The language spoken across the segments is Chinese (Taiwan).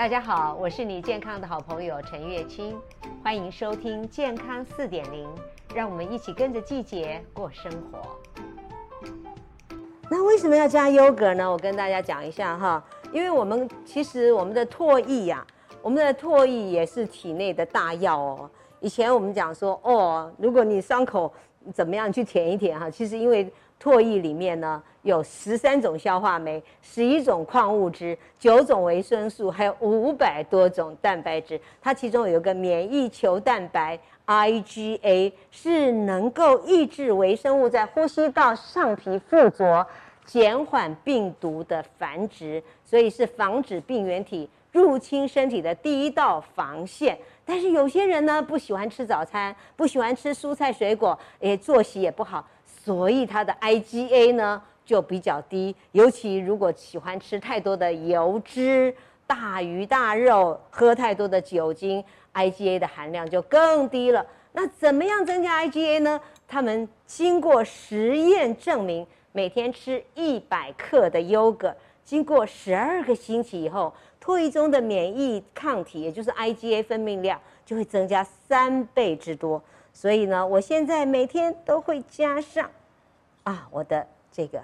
大家好，我是你健康的好朋友陳月卿，歡迎收聽健康四點零，讓我們一起跟着季節過生活。那為什麼要加優格呢？我跟大家講一下哈，因為我們其實我們的唾液呀、啊，我們的唾液也是體內的大藥哦。以前我們講說哦，如果你傷口怎麼樣你去舔一舔哈，其實因為。唾液裡面呢有十三種消化酶，十一種礦物質，九種維生素，還有五百多種蛋白質。它其中有一個免疫球蛋白 IgA，是能夠抑制微生物在呼吸道上皮附着，減緩病毒的繁殖，所以是防止病原體入侵身體的第一道防線。但是有些人呢不喜歡吃早餐，不喜歡吃蔬菜水果，哎、欸，作息也不好。所以它的 I G A 呢就比較低，尤其如果喜歡吃太多的油脂、大魚大肉，喝太多的酒精，I G A 的含量就更低了。那怎麼樣增加 I G A 呢？他們經過實驗證明，每天吃一百克的優格，經過十二個星期以後，唾液中的免疫抗體，也就是 I G A 分泌量就會增加三倍之多。所以呢，我現在每天都會加上。啊，我的這個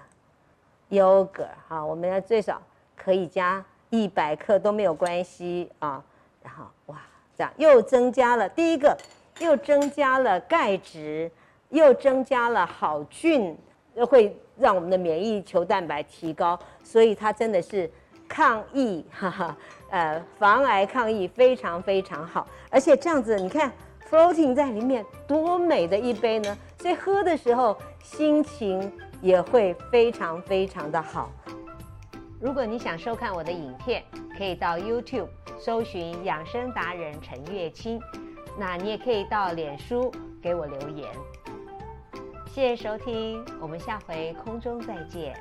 yogurt 哈，我們要最少可以加一百克都沒有關係啊。然後哇，這樣又增加了第一個，又增加了鈣質，又增加了好菌，會讓我們的免疫球蛋白提高，所以它真的是抗疫，哈哈，呃，防癌、抗疫非常非常好。而且這樣子，你看。floating 在裡面，多美的一杯呢！所以喝的時候心情也會非常非常的好。如果你想收看我的影片，可以到 YouTube 搜尋“養生達人陳月卿”，那你也可以到臉書給我留言。謝謝收聽，我們下回空中再見。